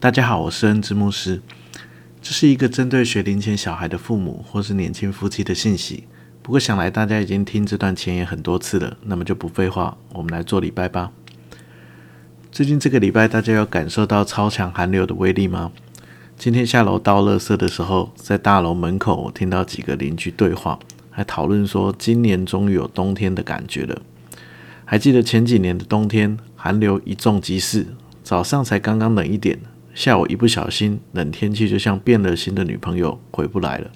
大家好，我是恩智牧師。這是一個針對學齡前小孩的父母或是年輕夫妻的信息。不過想來大家已經聽這段前言很多次了，那麼就不廢話，我們來做禮拜吧。最近這個禮拜，大家有感受到超強寒流的威力嗎？今天下樓倒垃圾的時候，在大樓門口，我聽到幾個鄰居對話，還討論說今年終於有冬天的感覺了。還記得前幾年的冬天，寒流一縱即逝，早上才剛剛冷一點。下午一不小心，冷天氣就像變了心的女朋友回不來了。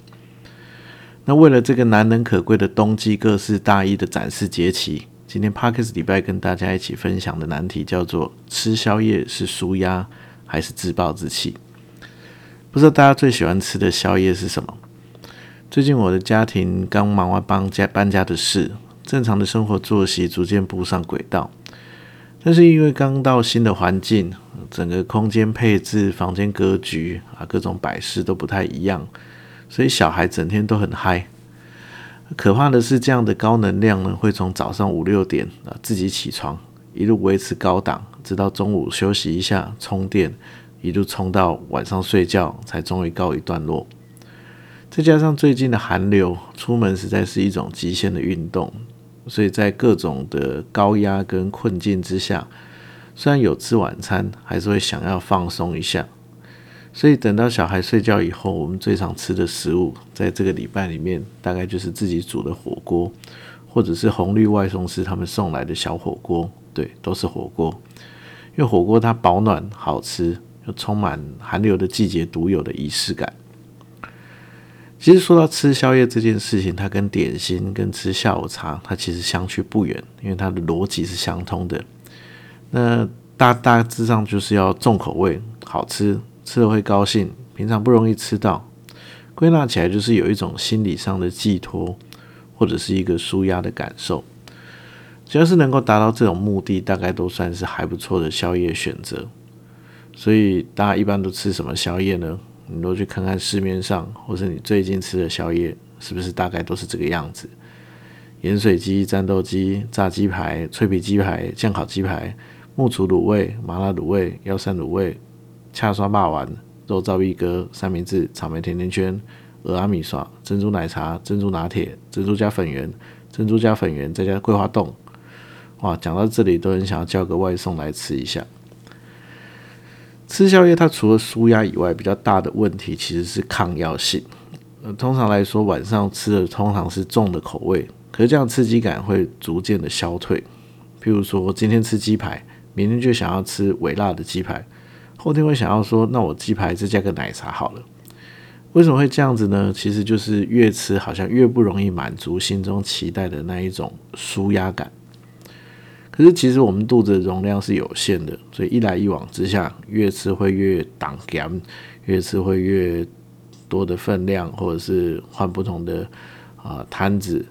那為了這個難能可貴的冬季各式大衣的展示節氣，今天 podcast 禮拜跟大家一起分享的難題叫做：吃宵夜是紓壓還是自暴自棄？不知道大家最喜歡吃的宵夜是什麼？最近我的家庭剛忙完搬家搬家的事，正常的生活作息逐漸步上軌道，但是因為剛到新的環境。整個空間配置、房間格局啊，各種擺設都不太一樣，所以小孩整天都很嗨。可怕的是，這樣的高能量呢，會從早上五六點啊自己起床，一路維持高檔，直到中午休息一下充電，一路衝到晚上睡覺，才終於告一段落。再加上最近的寒流，出門實在是一種極限的運動，所以在各種的高壓跟困境之下。雖然有吃晚餐，還是會想要放鬆一下，所以等到小孩睡覺以後，我們最常吃的食物，在這個禮拜裡面，大概就是自己煮的火鍋，或者是紅綠外送師他們送來的小火鍋。對，都是火鍋，因為火鍋它保暖、好吃，又充滿寒流的季節獨有的儀式感。其實說到吃宵夜這件事情，它跟點心、跟吃下午茶，它其實相去不遠，因為它的邏輯是相通的。那大大致上就是要重口味，好吃，吃了會高興，平常不容易吃到。歸納起來就是有一種心理上的寄託，或者是一個舒壓的感受。只要是能夠達到這種目的，大概都算是還不錯的宵夜選擇。所以大家一般都吃什麼宵夜呢？你都去看看市面上，或是你最近吃的宵夜，是不是大概都是這個樣子？鹽水雞、戰鬥雞、炸雞排、脆皮雞排、醬烤雞排。木櫥滷味、麻辣滷味、藥膳滷味、赤山肉圓、肉燥米糕、三明治、草莓甜甜圈、蚵仔麵線、珍珠奶茶、珍珠拿鐵、珍珠加粉圓、珍珠加粉圓再加桂花凍。哇，講到這裡都很想要叫個外送來吃一下。吃宵夜，它除了舒壓以外，比較大的問題其實是抗藥性、呃。通常來說，晚上吃的通常是重的口味，可是這樣的刺激感會逐漸的消退。譬如說，今天吃雞排。明天就想要吃微辣的雞排，後天會想要說，那我雞排再加個奶茶好了。為什麼會這樣子呢？其實就是越吃好像越不容易滿足心中期待的那一種舒壓感。可是其實我們肚子的容量是有限的，所以一來一往之下，越吃會越擋感，越吃會越多的分量，或者是換不同的啊、呃、攤子。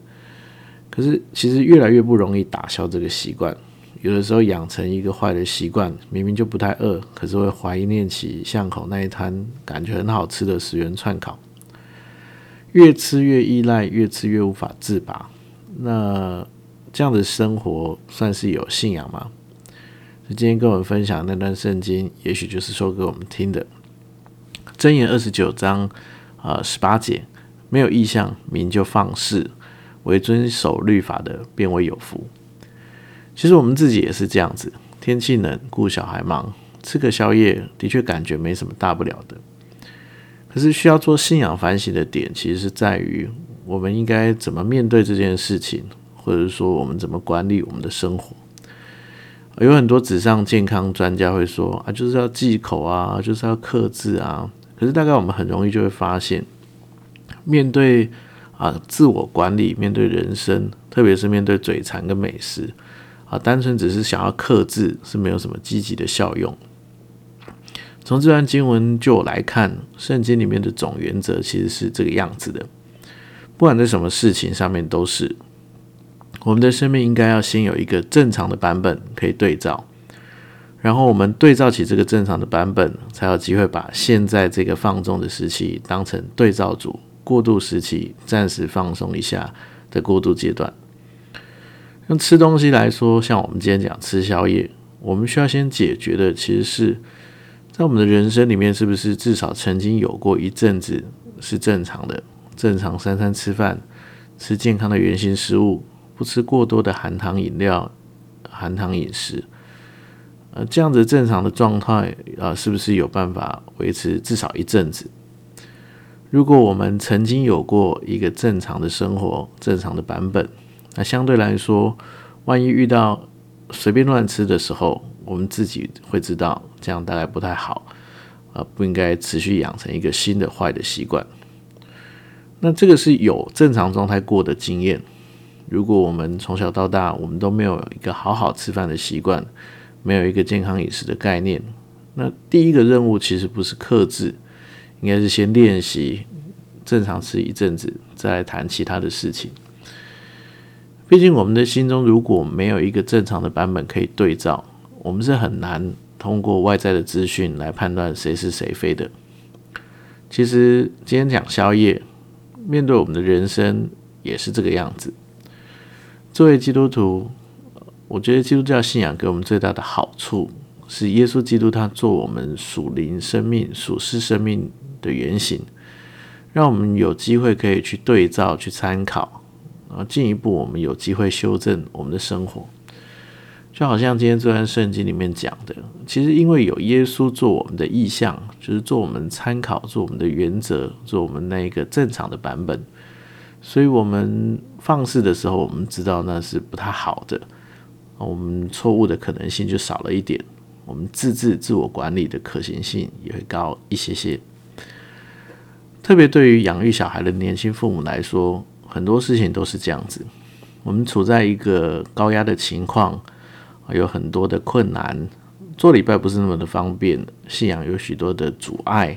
可是其實越來越不容易打消這個習慣。有的時候養成一個壞的習慣，明明就不太餓，可是會懷念起巷口那一攤感覺很好吃的十元串烤，越吃越依賴，越吃越無法自拔。那這樣的生活算是有信仰嗎？今天跟我們分享那段聖經，也許就是說給我們聽的。箴言二十九章啊十八節，沒有異象，民就放肆；惟遵守律法的，便為有福。其實我們自己也是這樣子，天氣冷，顧小孩忙，吃個宵夜的確感覺沒什麼大不了的。可是需要做信仰反省的點，其實是在於我們應該怎麼面對這件事情，或者說我們怎麼管理我們的生活。有很多紙上健康專家會說啊，就是要忌口啊，就是要克制啊。可是大概我們很容易就會發現，面對啊，自我管理，面對人生，特別是面對嘴饞跟美食。啊，單純只是想要克制是沒有什麼積極的效用。從這段經文就來看，聖經裡面的總原則其實是這個樣子的：不管在什麼事情上面，都是我們的生命應該要先有一個正常的版本可以對照，然後我們對照起這個正常的版本，才有機會把現在這個放縱的時期當成對照組，過渡時期暫時放鬆一下的過渡階段。用吃東西來說，像我們今天講吃宵夜，我們需要先解決的，其實是在我們的人生裡面，是不是至少曾經有過一陣子是正常的？正常三餐吃飯，吃健康的原型食物，不吃過多的含糖飲料、含糖飲食。呃，這樣子正常的狀態啊，是不是有辦法維持至少一陣子？如果我們曾經有過一個正常的生活，正常的版本。那相對來說，萬一遇到隨便亂吃的時候，我們自己會知道這樣大概不太好，啊、呃，不應該持續養成一個新的壞的習慣。那這個是有正常狀態過的經驗。如果我們從小到大，我們都沒有一個好好吃飯的習慣，沒有一個健康飲食的概念，那第一個任務其實不是克制，應該是先練習正常吃一陣子，再來談其他的事情。畢竟，我們的心中如果沒有一個正常的版本可以對照，我們是很難通過外在的資訊來判斷誰是誰非的。其實，今天講宵夜，面對我們的人生也是這個樣子。作為基督徒，我覺得基督教信仰給我們最大的好處是，耶穌基督他做我們屬靈生命、屬世生命的原型，讓我們有機會可以去對照、去參考。然後進一步，我們有機會修正我們的生活，就好像今天這段聖經裡面講的，其實因為有耶穌做我們的意向，就是做我們參考，做我們的原則，做我們那一個正常的版本，所以我們放肆的時候，我們知道那是不太好的，我們錯誤的可能性就少了一點，我們自制、自我管理的可行性也會高一些些，特別對於養育小孩的年輕父母來說。很多事情都是這樣子，我們處在一個高壓的情況，有很多的困難，做禮拜不是那麼的方便，信仰有許多的阻礙，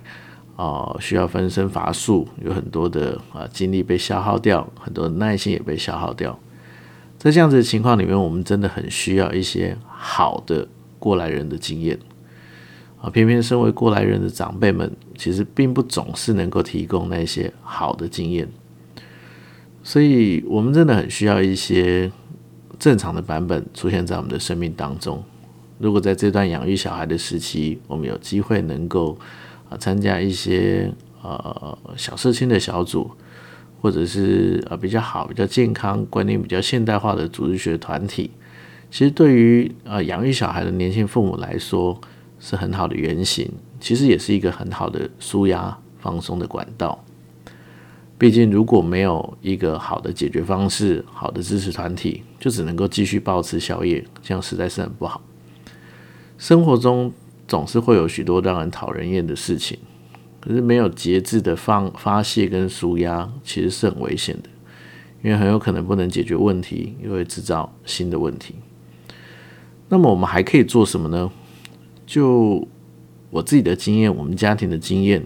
啊、呃，需要分身乏術，有很多的啊精力被消耗掉，很多的耐心也被消耗掉。在這樣子的情況裡面，我們真的很需要一些好的過來人的經驗，啊、呃，偏偏身為過來人的長輩們，其實並不總是能夠提供那些好的經驗。所以，我們真的很需要一些正常的版本出現在我們的生命當中。如果在這段養育小孩的時期，我們有機會能夠啊參加一些呃小社區的小組，或者是呃比較好、比較健康、觀念比較現代化的組織學團體，其實對於啊養育小孩的年輕父母來說是很好的原型，其實也是一個很好的舒壓放鬆的管道。畢竟，如果沒有一個好的解決方式、好的支持團體，就只能夠繼續暴吃宵夜，這樣實在是很不好。生活中總是會有許多讓人討人厭的事情，可是沒有節制的放發泄跟紓壓，其實是很危險的，因為很有可能不能解決問題，又會制造新的問題。那麼我們還可以做什麼呢？就我自己的經驗，我們家庭的經驗，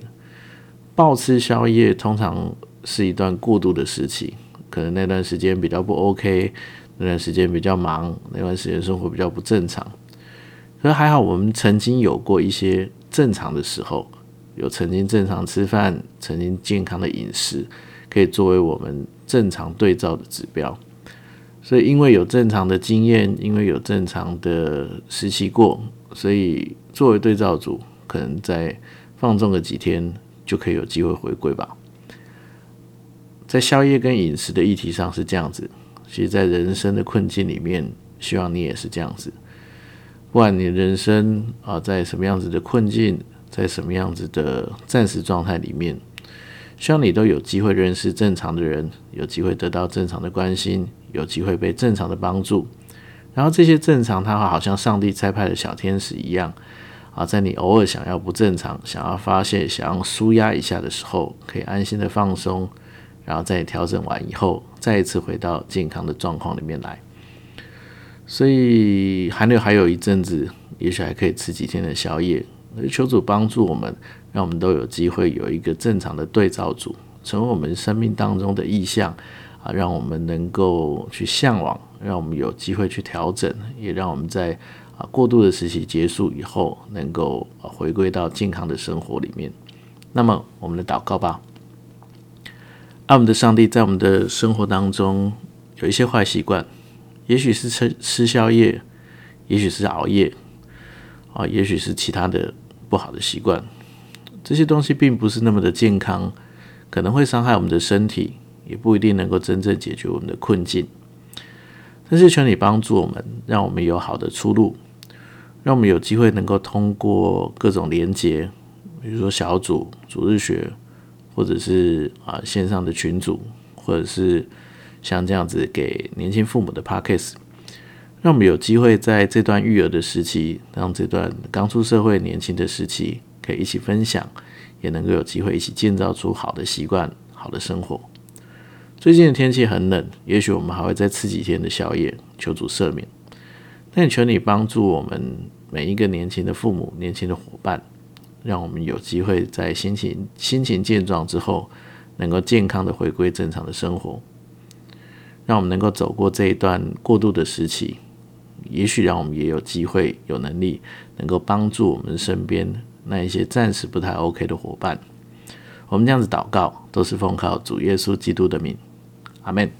暴吃宵夜通常。是一段過渡的時期，可能那段時間比較不 OK，那段時間比較忙，那段時間生活比較不正常。可是還好，我們曾經有過一些正常的時候，有曾經正常吃飯，曾經健康的飲食，可以作為我們正常對照的指標。所以因，因為有正常的經驗，因為有正常的時期過，所以作為對照組，可能再放縱個幾天，就可以有機會回歸吧。在宵夜跟飲食的議題上是這樣子，其實，在人生的困境裡面，希望你也是這樣子。不管你的人生啊，在什麼樣子的困境，在什麼樣子的暫時狀態裡面，希望你都有機會認識正常的人，有機會得到正常的關心，有機會被正常的幫助。然後這些正常，它會好像上帝差派的小天使一樣啊，在你偶爾想要不正常、想要發洩、想要紓壓一下的時候，可以安心的放鬆。然後再調整完以後，再一次回到健康的狀況裡面來。所以寒流還有一陣子，也許還可以吃幾天的宵夜。求主幫助我們，讓我們都有機會有一個正常的對照組，成為我們生命當中的意向啊，讓我們能夠去向往，讓我們有機會去調整，也讓我們在啊過渡的時期結束以後，能夠、啊、回歸到健康的生活裡面。那麼，我們來禱告吧。啊、我們的上帝，在我們的生活當中有一些壞習慣，也許是吃吃宵夜，也許是熬夜，啊，也許是其他的不好的習慣。這些東西並不是那麼的健康，可能會傷害我們的身體，也不一定能夠真正解決我們的困境。但是求你幫助我們，讓我們有好的出路，讓我們有機會能夠通過各種連接，比如說小組、主日學。或者是啊線上的群組，或者是像這樣子給年輕父母的 package，讓我們有機會在這段育兒的時期，讓這段剛出社會年輕的時期，可以一起分享，也能夠有機會一起建造出好的習慣、好的生活。最近的天氣很冷，也許我們還會再吃幾天的宵夜，求主赦免。但也求你幫助我們每一個年輕的父母、年輕的夥伴。讓我們有機會在心情心情健壯之後，能夠健康的回歸正常的生活，讓我們能夠走過這一段過渡的時期，也許讓我們也有機會有能力，能夠幫助我們身邊那一些暫時不太 OK 的夥伴。我們這樣子禱告，都是奉靠主耶穌基督的名，阿門。